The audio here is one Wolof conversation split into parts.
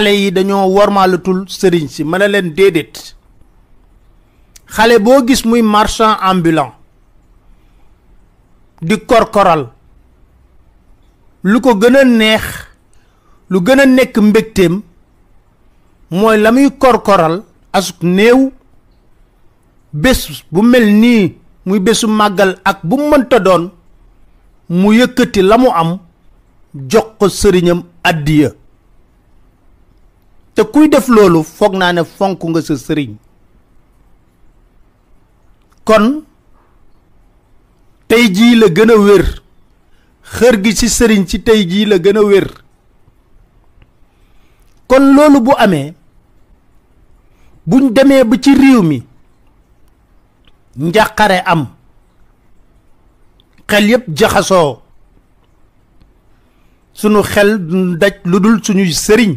xale yi dañoo wormalatul sëriñ si mën a leen déedéet xale boo gis muy marchand ambulant di korkoral lu ko gën a neex lu gën a nekk mbégteem mooy la muy korkoral asuk néew bés bu mel nii muy bésu màggal ak bu mënta doon mu yëkkëti la mu am jox ko sëriñam àddiya te kuy def loolu foog naa ne fonk nga sa sëriñ kon tey jii la gën a wér xër gi ci sëriñ ci tey jii la gën a wér kon loolu bu amee buñ demee ba ci réew mi njàqare am xel yépp jaxasoo sunu xel daj lu dul suñuy sëriñ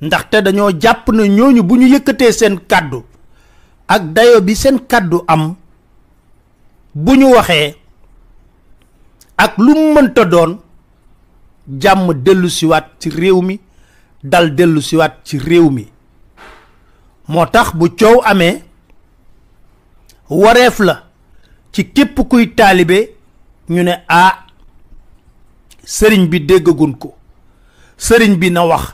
ndaxte dañoo jàpp na ñooñu bu ñu yëkkatee seen kàddu ak dayo bi seen kàddu am bu ñu waxee ak lu mënta doon jàmm dellu ci réew mi dal dellusiwaat ci réew mi moo tax bu coow amee wareef la ci képp kuy taalibe ñu ne a ah, sëriñ bi déggagun ko sëriñ bi na wax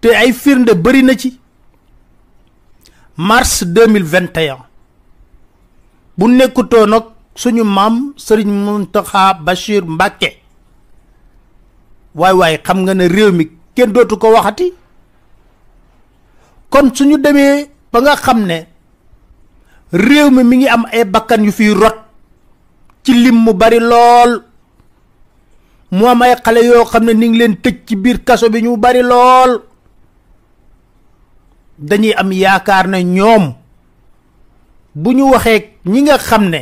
te ay firnde bëri na ci mars 2021 bu nekkutoo nag suñu maam sëriñ Muntaxa Bachir Mbàkke waay waaye xam nga ne réew mi kenn dootu ko waxati kon suñu demee ba nga xam ne réew mi mi ngi am ay bakkan yu fiy rot ci lim mu bari lool mu am ay xale yoo xam ne ni ngi leen tëj ci biir kaso bi ñu bari lool dañuy am yaakaar ne ñoom bu ñu waxee ñi nga xam ne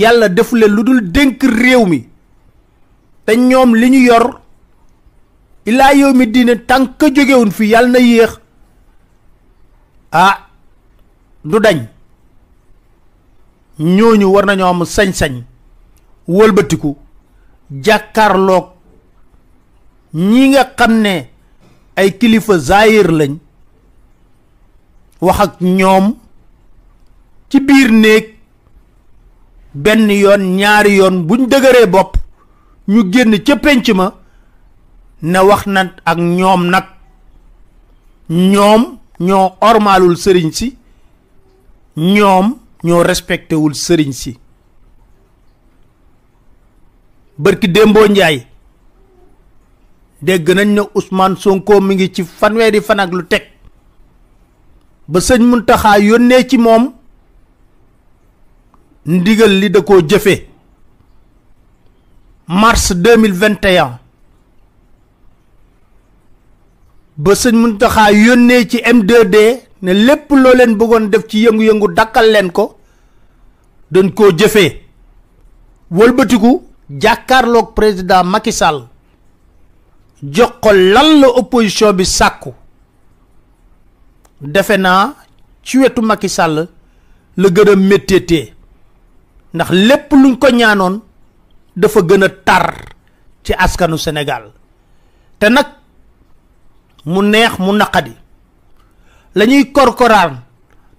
yàlla defu lu dul dénk réew mi te ñoom li ñu yor ilaa yow mi diine tànk jógewuñ fi yàlla na yéex ah du dañ ñooñu war nañoo am sañ wëlbatiku jàkkaarloog ñi nga xam ne ay kilifa zaayir lañ wax ak ñoom ci biir néeg benn yoon ñaari yoon buñ dëgëree bopp ñu génn ca pénc ma ne wax nant ak ñoom nag ñoom ñoo ormalul sëriñ si ñoom ñoo respectéwul sëriñ si bërki démboo njaay dégg nañ ne Ousmane Sonko mu ngi ci fanweeri fan ak lu teg ba sëñ Muntaxa yónnee ci moom ndigal li da koo jëfe mars 2021 ba sëñ Muntaxa yónnee ci m ne lépp loo leen bëggoon def ci yëngu-yëngu dakkal leen ko dañ koo jëfe wëlbatiku jàkkaarloog président makisal Sall jox ko lan la opposition bi sàkku defe naa ci wetu Macky la gën a métteetee ndax lépp luñ ko ñaanoon dafa gën a tar ci askanu Sénégal te nag mu neex mu naqadi lañuy ñuy korkoraan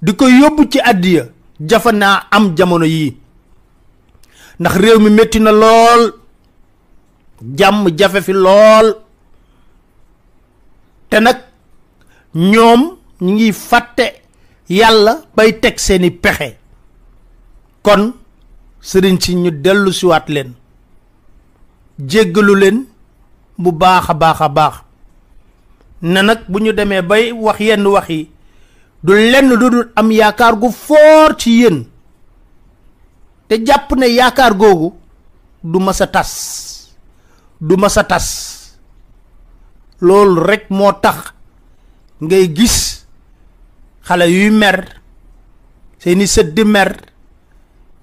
di ko yóbbu ci àddiya jafe naa am jamono yii ndax réew mi métti na lool jàmm jafe fi lool te nag ñoom ñu ngi fàtte yàlla bay teg seeni pexe kon sëriñ si ñu dellusiwaat leen jéggalu leen bu baax a baax a baax ne nag bu ñu demee bay wax yenn wax yi du lenn lu dul am yaakaar gu foor ci yéen te jàpp ne yaakaar googu du mas tas du mas a tas loolu rekk moo tax ngay gis xale yuy mer seeni sët di mer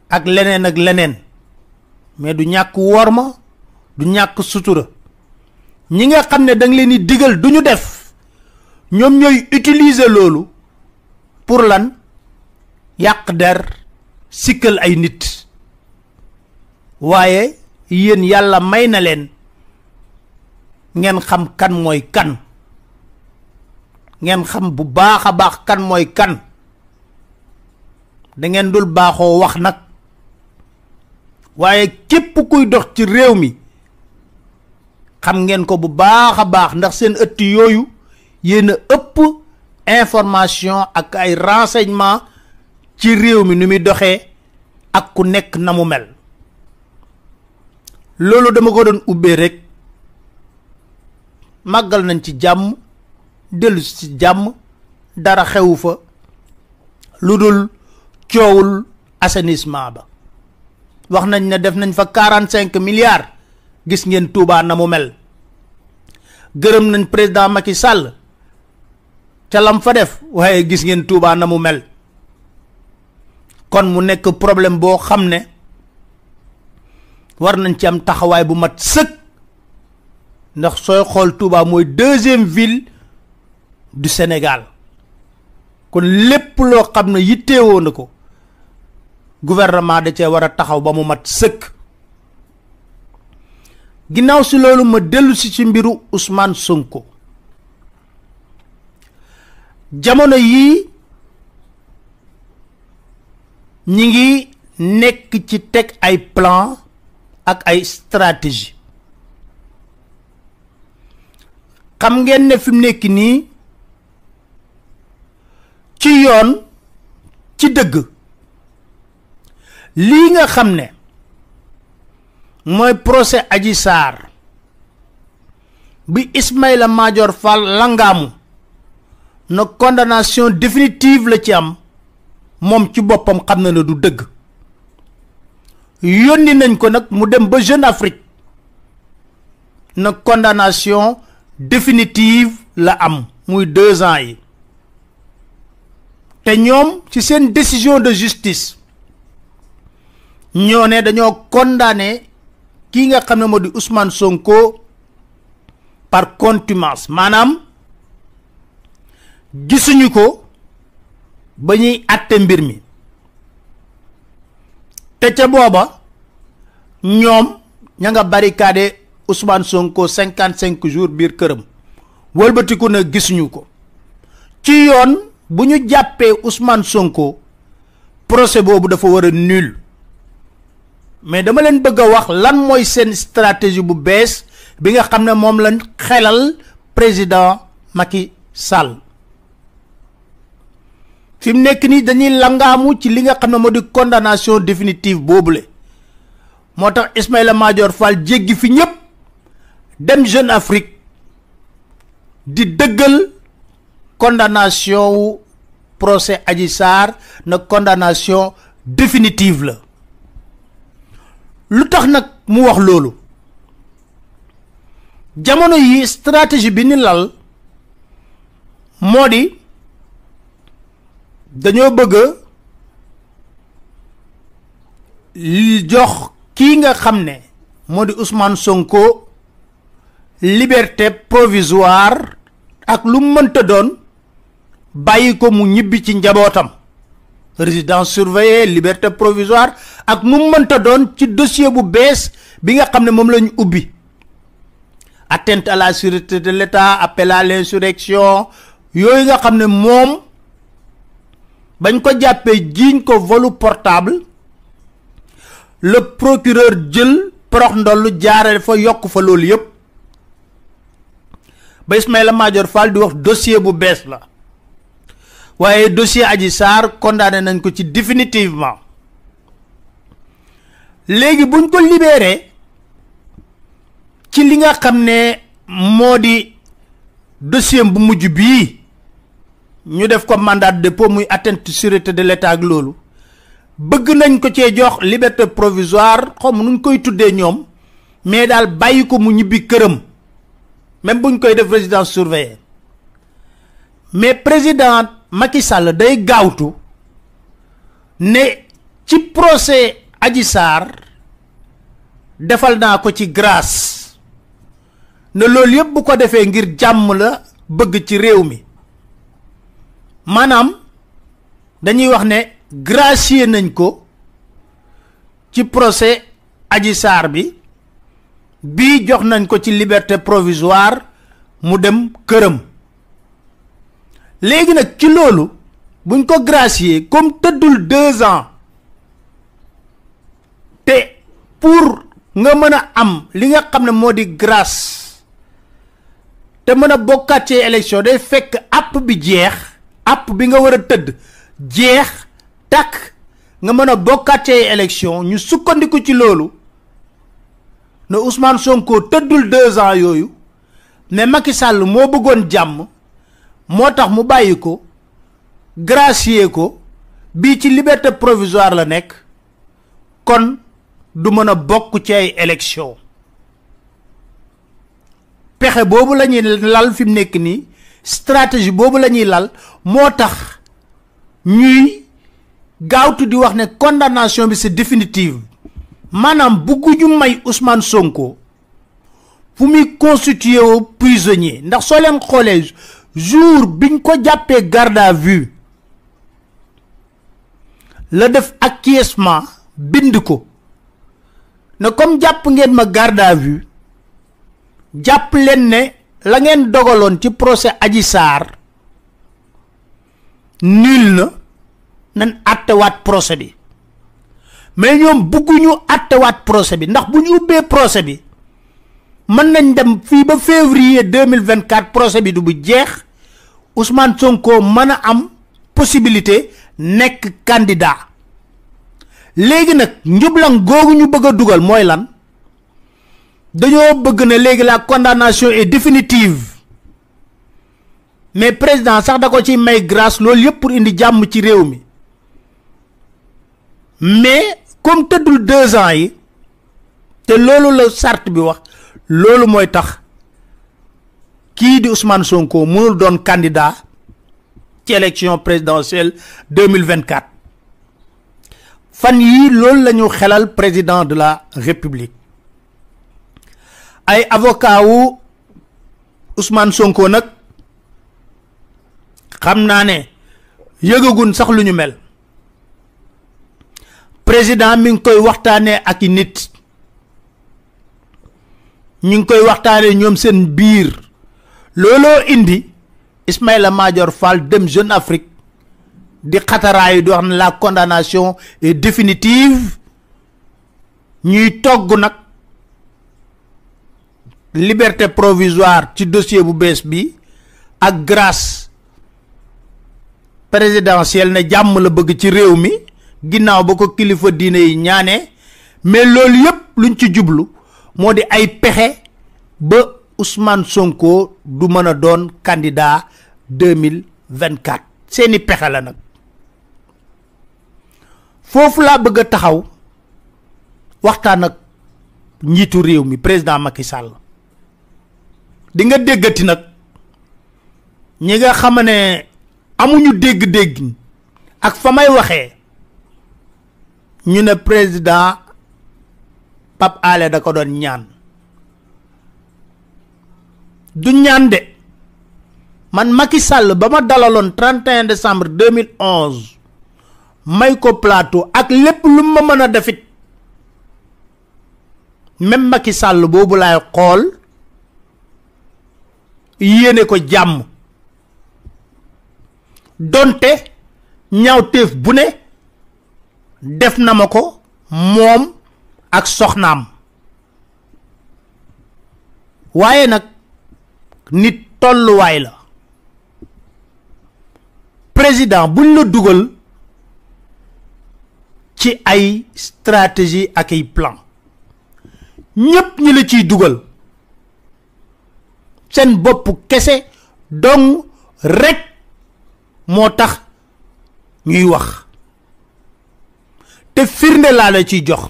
ak leneen ak leneen mais du ñàkk worma du ñàkk sutura ñi nga xam ne danga leen di digal du def ñoom ñooy utiliser loolu pour lan yàq der sikkal ay nit waaye yéen yàlla may na leen ngeen xam kan mooy kan ngeen xam bu baax a baax kan mooy kan da ngeen dul baaxoo wax nag waaye képp kuy dox ci réew mi xam ngeen ko bu baax a baax ndax seen ëtt yooyu yéena ëpp information ak ay renseignement ci réew mi nu muy doxee ak ku nekk na mu mel loolu dama ko doon ubbee rek màggal nañ ci jàmm dellu ci jàmm dara xewu fa lu dul coowul assainissement ba wax nañ ne def nañ fa quarante cinq milliards gis ngeen Touba na mu mel gërëm nañ président Macky sàll ca lam fa def waaye gis ngeen Touba na mu mel kon mu nekk problème boo xam ne war nañ ci am taxawaay bu mat sëkk ndax sooy xool Touba mooy deuxième ville du Sénégal kon lépp loo xam ne yittewoo na ko gouvernement da cee war a taxaw ba mu mat sëkk ginnaaw si loolu ma dellusi ci mbiru Ousmane Sonko jamono yii ñi ngi nekk ci teg ay plan ak ay stratégie xam ngeen ne fi nekk nii ci yoon ci dëgg lii nga xam ne mooy procès aji saar bi Ismaïla Madior Fall langaamu na condamnation définitive la ci am moom ci boppam xam na ne du dëgg yónni nañ ko nag mu dem ba Jeune Afrique na condamnation définitive la am muy deux ans yi te ñoom ci seen décision de justice ñoo ne dañoo condamné kii nga xam ne moo di Ousmane Sonko par contumence maanaam gisuñu ko ba ñuy àtte mbir mi te ca booba ñoom ña nga barricade Ousmane Sonko cinquante cinq jours biir këram wëlbatiku na gisuñu ko ci yoon. bu ñu jàppee Ousmane Sonko procès boobu dafa war a nul mais dama leen bëgg a wax lan mooy seen stratégie bu bees bi nga xam ne moom lañ xelal président Macky Sall fi mu nekk nii dañuy langaamu ci li nga xam ne moo di condamnation boobu boobule moo tax Ismaïla Madior Fall jéggi fi ñëpp dem Jeune Afrique di dëggal. condamnation wu procès aji saar na condamnation définitive la lu tax nag mu wax loolu jamono yi stratégie bi ni lal moo di dañoo bëgg li jox ki nga xam ne moo di Ousmane Sonko liberté provisoire ak lu mënta doon bàyyi ko mu ñibbi ci njabootam résidence surveillée liberté provisoire ak mu mënta doon ci dossier bu bees bi nga xam ne moom lañu ubbi atteinte à la sûreté de l'État appel à l'insurrection yooyu nga xam ne moom bañ ko jàppee jiiñ ko volu portable le procureur jël porox ndollu jaare fa yokk fa loolu yépp ba Ismaïla Madior Fall di wax dossier bu bees la waaye dossier Adji Sarr kondaane nañ ko ci définitivement léegi buñ ko libéré ci li nga xam ne moo di dossier bu mujj bii ñu def ko mandat de dépôt muy atteinte sûreté de l'État ak loolu bëgg nañ ko cee jox liberté provisoire xawma nuñ koy tuddee ñoom mais daal bàyyi ko mu ñibbi këram même buñ koy def résidence surveillée mais président Macky day gaawtu ne ci procès aji saar defal naa ko ci grâce ne loolu yëpp bu ko defee ngir jàmm la bëgg ci réew mi maanaam dañuy wax ne gracier nañ ko ci procès Adji Sarr bi bii jox nañ ko ci liberté provisoire mu dem këram léegi nag ci loolu buñ ko gracier comme tëddul deux ans te pour nga mën a am li nga xam ne moo di grâce te mën a bokkaat ci élection day fekk app bi jeex app bi nga war a tëdd jeex tàkk nga mën a bokkaat ci ñu sukkandiku ci loolu ne Ousmane Sonko tëddul deux ans yooyu mais Macky Sall moo bëggoon jàmm moo tax mu bàyyi ko gracier ko bii ci liberté provisoire la nekk kon du mën a bokk ci ay élection pexe boobu la ñuy lal fi mu nekk nii stratégie boobu la ñuy lal moo tax ñuy gaawtu di wax ne condamnation bi c'est définitive maanaam bugguñu may Ousmane Sonko fu muy constitué wu prisonnier ndax soo leen xoolee jour biñ ko jàppee garde à vue la def ak acquiescement bind ko ne comme jàpp ngeen ma garde à vue jàpp leen ne la ngeen dogaloon ci procès Adji Sarr nul na nañ àttewaat procès bi mais ñoom bëgguñu àttewaat procès bi ndax bu ñu ubbee procès bi mën nañ dem fii ba février deux mille vingt quatre procès bi du jeex Ousmane Sonko mën a am possibilité nekk candidat léegi nag njublan googu ñu bëgg a dugal mooy lan dañoo bëgg ne léegi la condamnation et définitive mais président sax da ko ci may grâce loolu yëpp pour indi jàmm ci réew mi mais comme tëddul deux ans yi te loolu la charte bi wax loolu mooy tax kii di Ousmane Sonko mënul doon candidat ci élection présidentielle deux mille vingt quatre fan yii loolu la xelal président de la république ay avocat wu Sonko nag xam naa ne yëgagun sax lu ñu mel président mi ngi koy waxtaanee ak i nit. ñu ngi koy waxtaanee ñoom seen biir looloo indi Ismaïla Madior Fall dem Jeune Afrique di xataraayu di wax ne la condamnation est définitive ñuy togg nag liberté provisoire ci dossier bu bees bi ak grâce présidentielle ne jàmm la bëgg ci réew mi ginnaaw ba ko kilifa diine yi ñaanee mais loolu yépp luñ ci jublu moo di ay pexe ba Ousmane Sonko du mën a doon candidat deux mille vingt quatre seeni pexe la nag foofu laa bëgg a taxaw waxtaan ak njiitu réew mi président Macky Sall dinga déggati nag ñi nga xam amuñu dégg-dégg ak fa may waxee ñu ne président. Pape Alé da ko doon ñaan du ñaan de man Macky sàll ba ma dalaloon 31 décembre 2011 may ko plateau ak lépp lu ma mën a defit même Macky sàll boobu laay xool yéene ko jàmm donte ñaaw téef bu ne def na ma ko moom ak soxnaam waaye nag nit tolluwaay la président buñ la dugal ci ay stratégie ak ay plan ñépp ñi la ciy dugal seen boppu kese dong rekk moo tax ñuy wax te firnde laa la ciy jox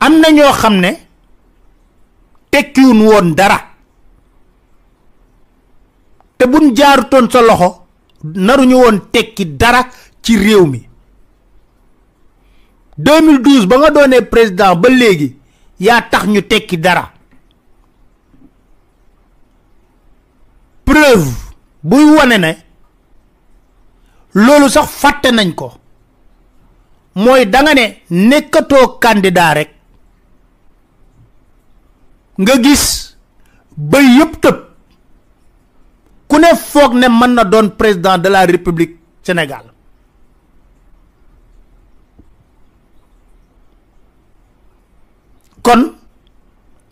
am na ñoo xam ne tekkiwuñ woon dara te buñ jaarutoon sa loxo naruñu woon tekki dara ci réew mi 2012 ba nga doonee président ba léegi yaa tax ñu tekki dara preuve buy wane ne loolu sax fàtte nañ ko mooy danga ne nekkatoo candidat rek nga gis ba yëpp tëb ku ne foog ne mën na doon président de la république Sénégal kon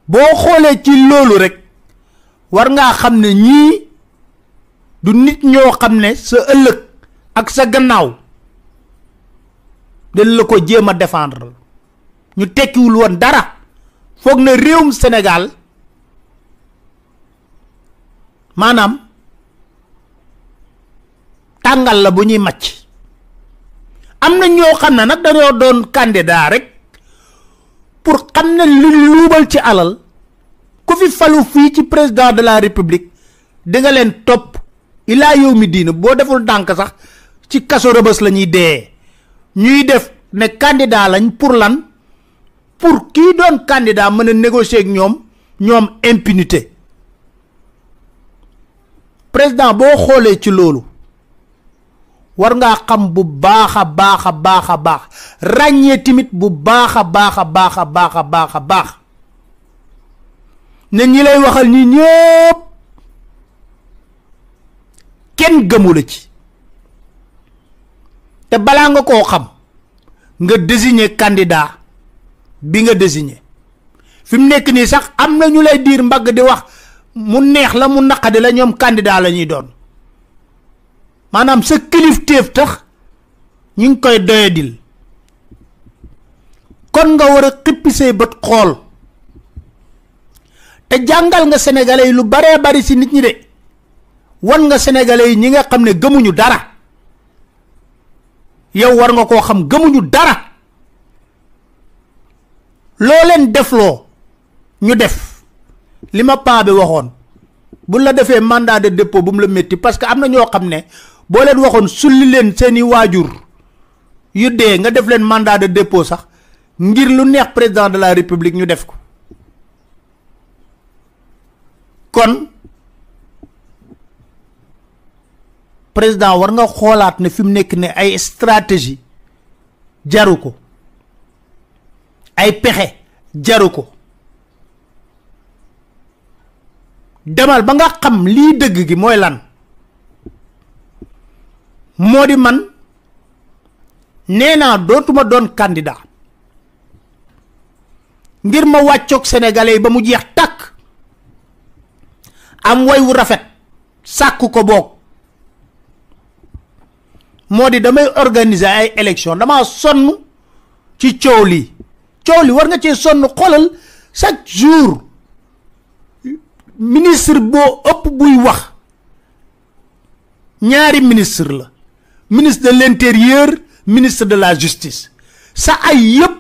boo xoolee ci loolu rekk war ngaa xam ne ñii du nit ñoo xam ne sa ëllëg ak sa gannaaw dañ la ko jéem a défendre ñu tekkiwul woon dara foog na réewum Sénégal maanaam tàngal la bu ñuy màcc am na ñoo xam ne nag dañoo doon candidat rek pour xam na lu luubal ci alal ku fi falu fii ci président de la république di leen topp ilaa yow mi diina boo deful ndànk sax ci kaso rëbës la ñuy dee ñuy def ne candidat lañ pour lan pour kiy doon candidat mën a négocier ak ñoom ñoom impunité président boo xoolee ci loolu war ngaa xam bu baax a baax a baax a baax ràññee tamit bu baax a baax a baax a baax a baax a baax ne ñi lay waxal ñi ñëpp kenn gëmula ci te balaa nga koo xam nga désigner candidat bi nga désigné fi mu nekk nii sax am na ñu lay diir mbagg di wax mu neex la mu naqadi la ñoom candidat la ñuy doon maanaam sa kilifteef tax ñu ngi koy doyadil kon nga war a xippi say bët xool te jàngal nga sénégalais yi lu baree bari si nit ñi de war nga sénégalais yi ñi nga xam ne gëmuñu dara yow war nga koo xam gëmuñu dara leen defloo ñu def li ma paa bi waxoon bu la defee mandat de dépôt bu mu la métti parce que am na ñoo xam ne boo leen waxoon sulli leen seeni waajur yu dee nga def leen mandat de dépôt sax ngir lu neex président de la république ñu def ko kon président war nga xoolaat ne fi mu nekk ne ay stratégie jaru ko ay pexe jaru ko demal ba nga xam lii dëgg gi mooy lan moo di man nee naa dootuma doon candidat ngir ma wàccoog sénégalais yi ba mu jeex tàkk am way wu rafet sàkk ko boog moo di damay organiser ay élection dama sonn ci coow lii coow li war nga cee sonn xoolal chaque jour ministre boo ëpp buy wax ñaari ministre la ministre de l'intérieur ministre de la justice sa ay yëpp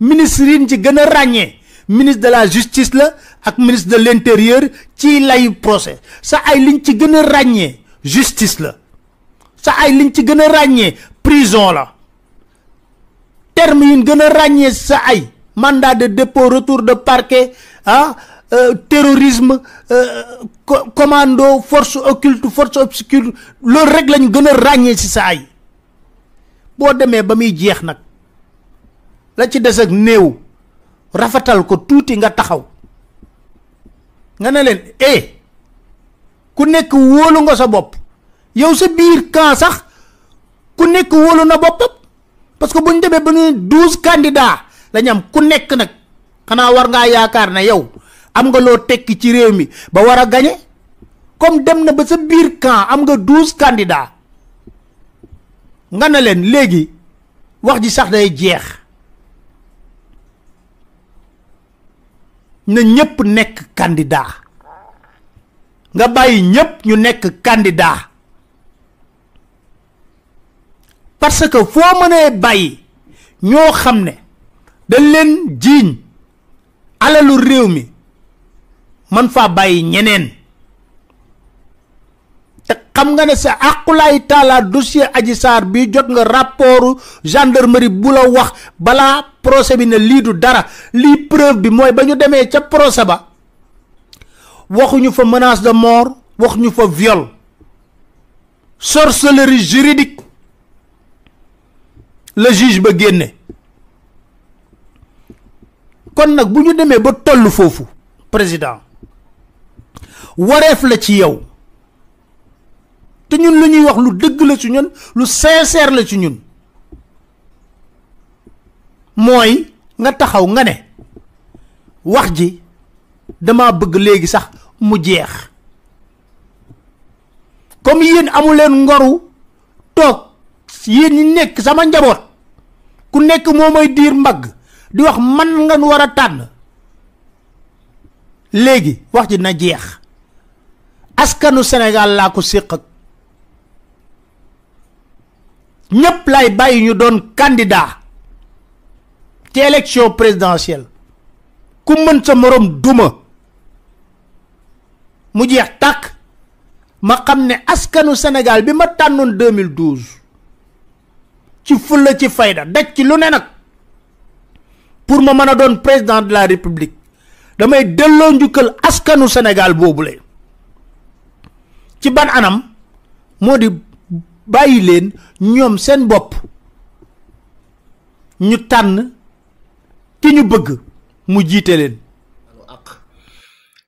ministre yi ci gën a ràññee ministre de la justice la ak ministre de l'intérieur ci lay procès sa ay liñ ci gën a ràññee justice la sa ay liñ ci gën a ràññee prison la terme yi gën a ràññee sa ay mandat de dépôt retour de parquet ah euh, terrorisme euh, commando force occulte force obscure loolu rek lañu gën ràññee si sa ay boo demee ba muy jeex nag la ci des ak néew rafetal ko tuuti nga taxaw nga ne leen eh, ku nekk wóolu nga sa bopp yow sa biir kan sax ku nekk wóolu na boppam parce que bu ñu demee ba ñu douze candidats la am ku nekk nag xanaa war ngaa yaakaar ne yow am nga loo tekki ci réew mi ba war a gañe comme dem na ba sa biir kan am nga douze candidats nga ne leen léegi wax ji sax day jeex na ñëpp nekk candidat nga bàyyi ñëpp ñu nekk candidat parce que foo mënee bàyyi ñoo xam ne dañ leen jiiñ alalu réew mi man faa bàyyi ñeneen te xam nga ne sa àqulaay taala dossier aji saar bi jot nga rapport gendarmerie bula wax balaa procès bi ne lii du dara lii preuve bi mooy ba ñu demee ca procès ba waxuñu fa menace de mort waxuñu fa viol sorcellerie juridique le juge ba génne kon nag bu ñu demee ba tollu foofu président wareef la ci yow te ñun lu ñuy wax lu dëgg la ci ñun lu sincère la ci ñun mooy nga taxaw nga ne wax ji dama bëgg léegi sax mu jeex comme yéen amuleen ngoru toog yéen ñi nekk sama njaboot ku nekk moo may diir mbagg di wax man nga war a tànn léegi wax ji na jeex askanu Sénégal laa ko séq ak ñépp lay bàyyi ñu doon candidat ci élection présidentielle ku mën sa moroom duma mu jeex tàkk ma xam ne askanu senegal bi ma tànnoon 2012 ci fulla ci fayda daj ci lu ne nag pour ma mën a doon président de la république damay delloo njukkal askanu senegal boobu boobule ci ban anam moo di bàyyi leen ñoom seen bopp ñu tànn ki ñu bëgg mu jiite leen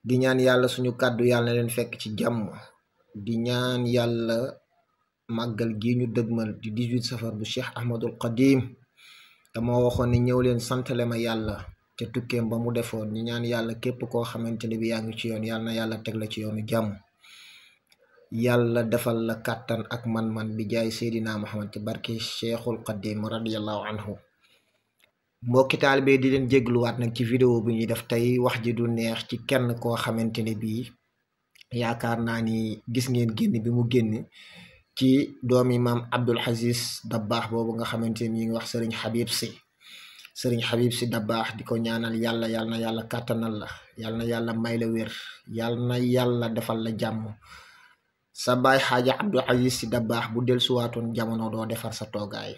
di ñaan yàlla suñu kàddu yàlla na leen fekk ci jàmm di ñaan yàlla màggal gi ñu dëgmal di 18 safar bu cheikh ahmadul qadim dama waxoon ne ñëw leen santale ma yàlla te tukkeem ba mu defoon ñu ñaan yàlla képp koo xamante ne bi yaa ci yoon yàlla na yàlla teg la ci yoonu jàmm yàlla defal la kàttan ak man-man bi jaay seydina muhammad ci barke cheikhul qadim radiallahu anhu mbokki taalibe di leen jégluwaat nag ci vidéo bi ñuy def tey wax ji du neex ci kenn koo xamante ne bi yaakaar naa ni gis ngeen génn bi mu génne ci doomi maam Abdul Aziz Dabbaax boobu nga xamante ni ñi ngi wax sëriñ Habib si sëriñ Habib si Dabbaax di ko ñaanal yàlla yàlla na yàlla kàttanal la yàlla na yàlla may la wér yàlla na yàlla defal la jàmm sa baay xaaja Abdul Aziz si Dabbaax bu del suwaatoon jamono doo defar sa toogaay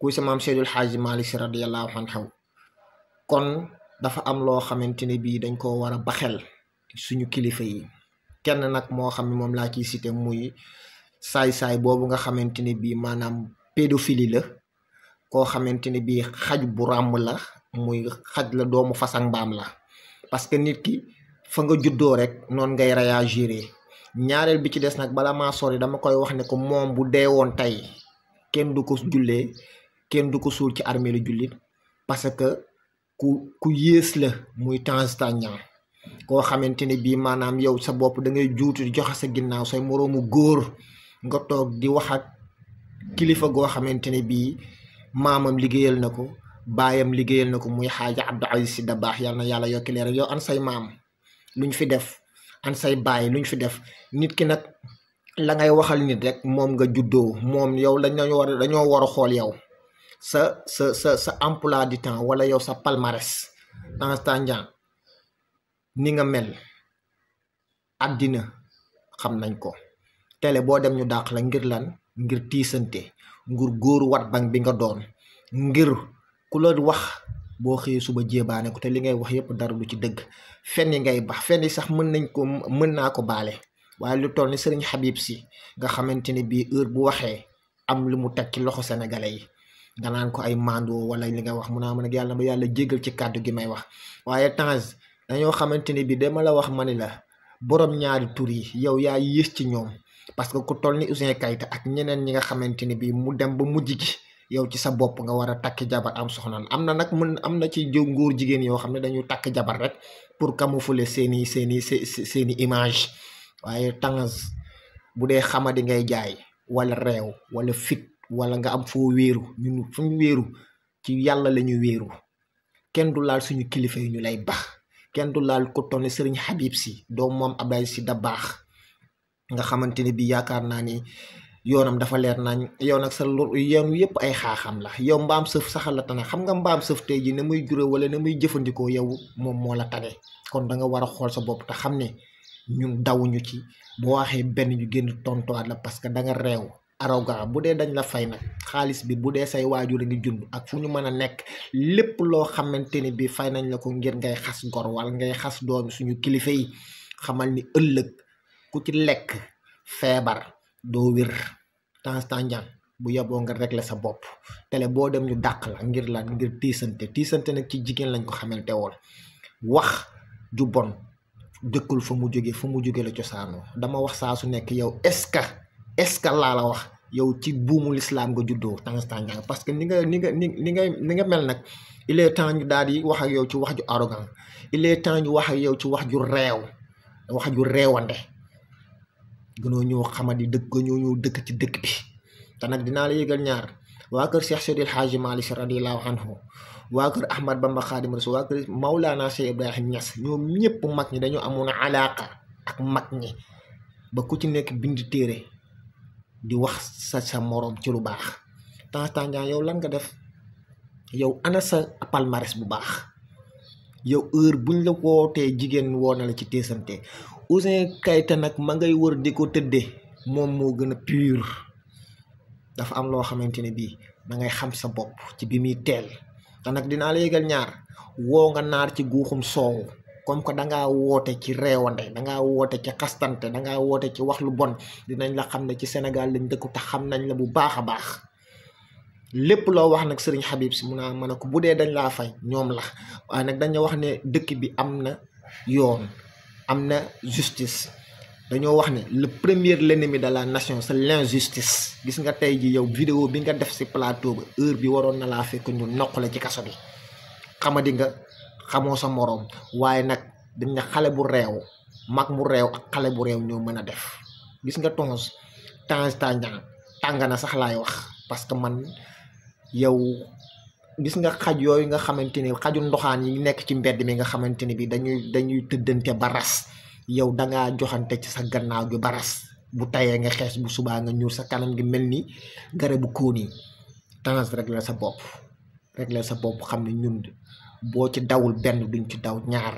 ku si maam Seydul Xaaji Maalik si radiyallahu anhu kon dafa am loo xamante ne bii dañ koo war a baxel suñu kilifa yi kenn nag moo xam ne moom laa si cité muy saay-saay boobu nga xamante ne bii maanaam pédophilie la koo xamante ne bii xaj bu ràmm la muy xaj la doomu fasan mbaam la parce que nit ki fa nga juddoo rek noonu ngay réagir ñaareel bi ci des nag bala maa sori dama koy wax ne ko moom bu dee woon tey kenn du ko jullee kenn du ko suul ci armée lu jullit parce que ku ku yées la muy Tanzania koo xamante ne bii maanaam yow sa bopp da ngay juutu joxe sa ginnaaw say moroomu góor nga toog di wax ak kilifa goo xamante ne bii maamam liggéeyal na ko baayam liggéeyal na ko muy xaaja Abdou Aziz Sy Dabakh yal na yàlla yokki leer yow an say maam lu ñu fi def an say baay luñ fi def nit ki nag la ngay waxal nit rek moom nga juddoo moom yow dañoo war dañoo war a xool yow sa sa sa sa emploi du temps wala yow sa palmarès dans ce ni nga mel àddina xam nañ ko télé boo dem ñu dàq la ngir lan ngir tiisante ngir góoru wat bang bi nga doon ngir ku la wax boo xëyee suba jéebaane ko te li ngay wax yëpp dara lu ci dëgg fenn yi ngay bax fenn yi sax mën nañ ko mën naa ko baale waaye lu toll ni sëriñ Habib si nga xamante ne bii heure bu waxee am lu mu teg ci loxo sénégalais yi nga naan ko ay mando wala li nga wax mun naa mën ak yàlla ba yàlla jégal ci kàddu gi may wax waaye temps dañoo xamante ne bii dama la wax ma ni la borom ñaari tur yi yow yaa yées ci ñoom parce que ku toll ni Ouzin Keita ak ñeneen ñi nga xamante ni bii mu dem ba mujj gi yow ci sa bopp nga war a takk jabar am soxna am na nag mën am na ci jëw jigéen yoo xam ne dañu takk jabar rek pour kamu camoufler seeni seeni seeni image waaye tangas bu dee xamadi ngay jaay wala réew wala fit wala nga am foo wéeru fu ñu wéeru ci yàlla la ñu kenn du laal suñu kilifa yi ñu lay bax kenn du laal ku toll ni Serigne Habib si doom moom Abdoulaye si da baax nga xamante ni bi yaakaar naa ni yoonam dafa leer nañ yow nag sa lu yoon yëpp ay xaaxam la yow mbaam sëf saxal la tane xam nga mbaam sëf tey ji na muy juré wala na muy jëfandikoo yow moom moo la tane kon da nga war a xool sa bopp te xam ne ñun dawuñu ci boo waxee benn ñu génn tontuwaat la parce que da nga réew arrogant bu dee dañ la fay nag xaalis bi bu dee say waajur a ngi jund ak fu ñu mën a nekk lépp loo xamante ni bi fay nañ la ko ngir ngay xas gor wala ngay xas doomi suñu kilifa yi xamal ni ëllëg ku ci lekk feebar doo wér temps tànjaan bu yeboo nga régler sa bopp tele boo dem ñu dàq la ngir lan ngir tiisante tiisante nag ci jigéen lañ ko xamante woon wax ju bon dëkkul fa mu jóge fa mu jóge la cosaanoo dama wax saa su nekk yow est-ce que est-ce que laa la wax yow ci buumu lislaam nga juddoo temps tànjaan parce que ni nga ni nga ni ni nga ni nga mel nag il est temps daal di wax ak yow ci wax ju arrogant il est temps ñu wax ak yow ci wax ju réew wax ju réewande gënoo ñëw xamadi dëkk gënoo ñëw dëkk ci dëkk bi te dinaa la yëgal ñaar waa kër Cheikh Seydil Hadji Malick Sy radiyallahu anhu waa kër Ahmad Bamba Xaadim Rasul waa kër Maulana Cheikh Ibrahim Niass ñoom ñëpp mag ñi dañoo amoon alaaqa ak mag ñi ba ku ci nekk bind téere di wax sa sa moroom ci lu baax Tange Tandian yow lan nga def yow ana sa palmarès bu baax yow heure buñ la wootee jigéen woona la ci teesante Ouzin Keita nag ma ngay wër di ko tëdde moom moo gën a pur dafa am loo xamante ne bii da ngay xam sa bopp ci bi muy teel te dinaa la yëgal ñaar woo nga naar ci guuxum soowu comme ko danga woote ci reewande dangaa woote ci xastante dangaa woote ci wax lu bon dinañ la xam ne ci senegal lañ dëkku te xam nañ la bu baax a baax lépp loo wax nag sëriñ Habib si mun naa mën a ko bu dee dañ laa fay ñoom la waaye nag dañu wax ne dëkk bi am na yoon am na justice dañoo wax ne le premier l'ennemi de la nation c'est l'injustice gis nga tey ji yow vidéo bi nga def ci plateau ba heure bi waroon na laa fekk ñu noq la ci kaso bi xamadi nga xamoo sa moroom waaye nag dañ ne xale bu réew mag mu réew ak xale bu réew ñoo mën a def gis nga tons temps tànga tàng na sax laay wax parce que man yow gis nga xaj yooyu nga xamante ni xaju ndoxaan yi nekk ci mbedd mi nga xamante ni bi dañuy dañuy tëddante ba ras yow dangaa joxante ci sa gannaaw gi ba ras bu tayee nga xees bu subaa nga ñuul sa kanam gi mel ni garabu kóon yi tans rek sa bopp rek la sa bopp xam ne ñun boo ci dawul benn duñ ci daw ñaar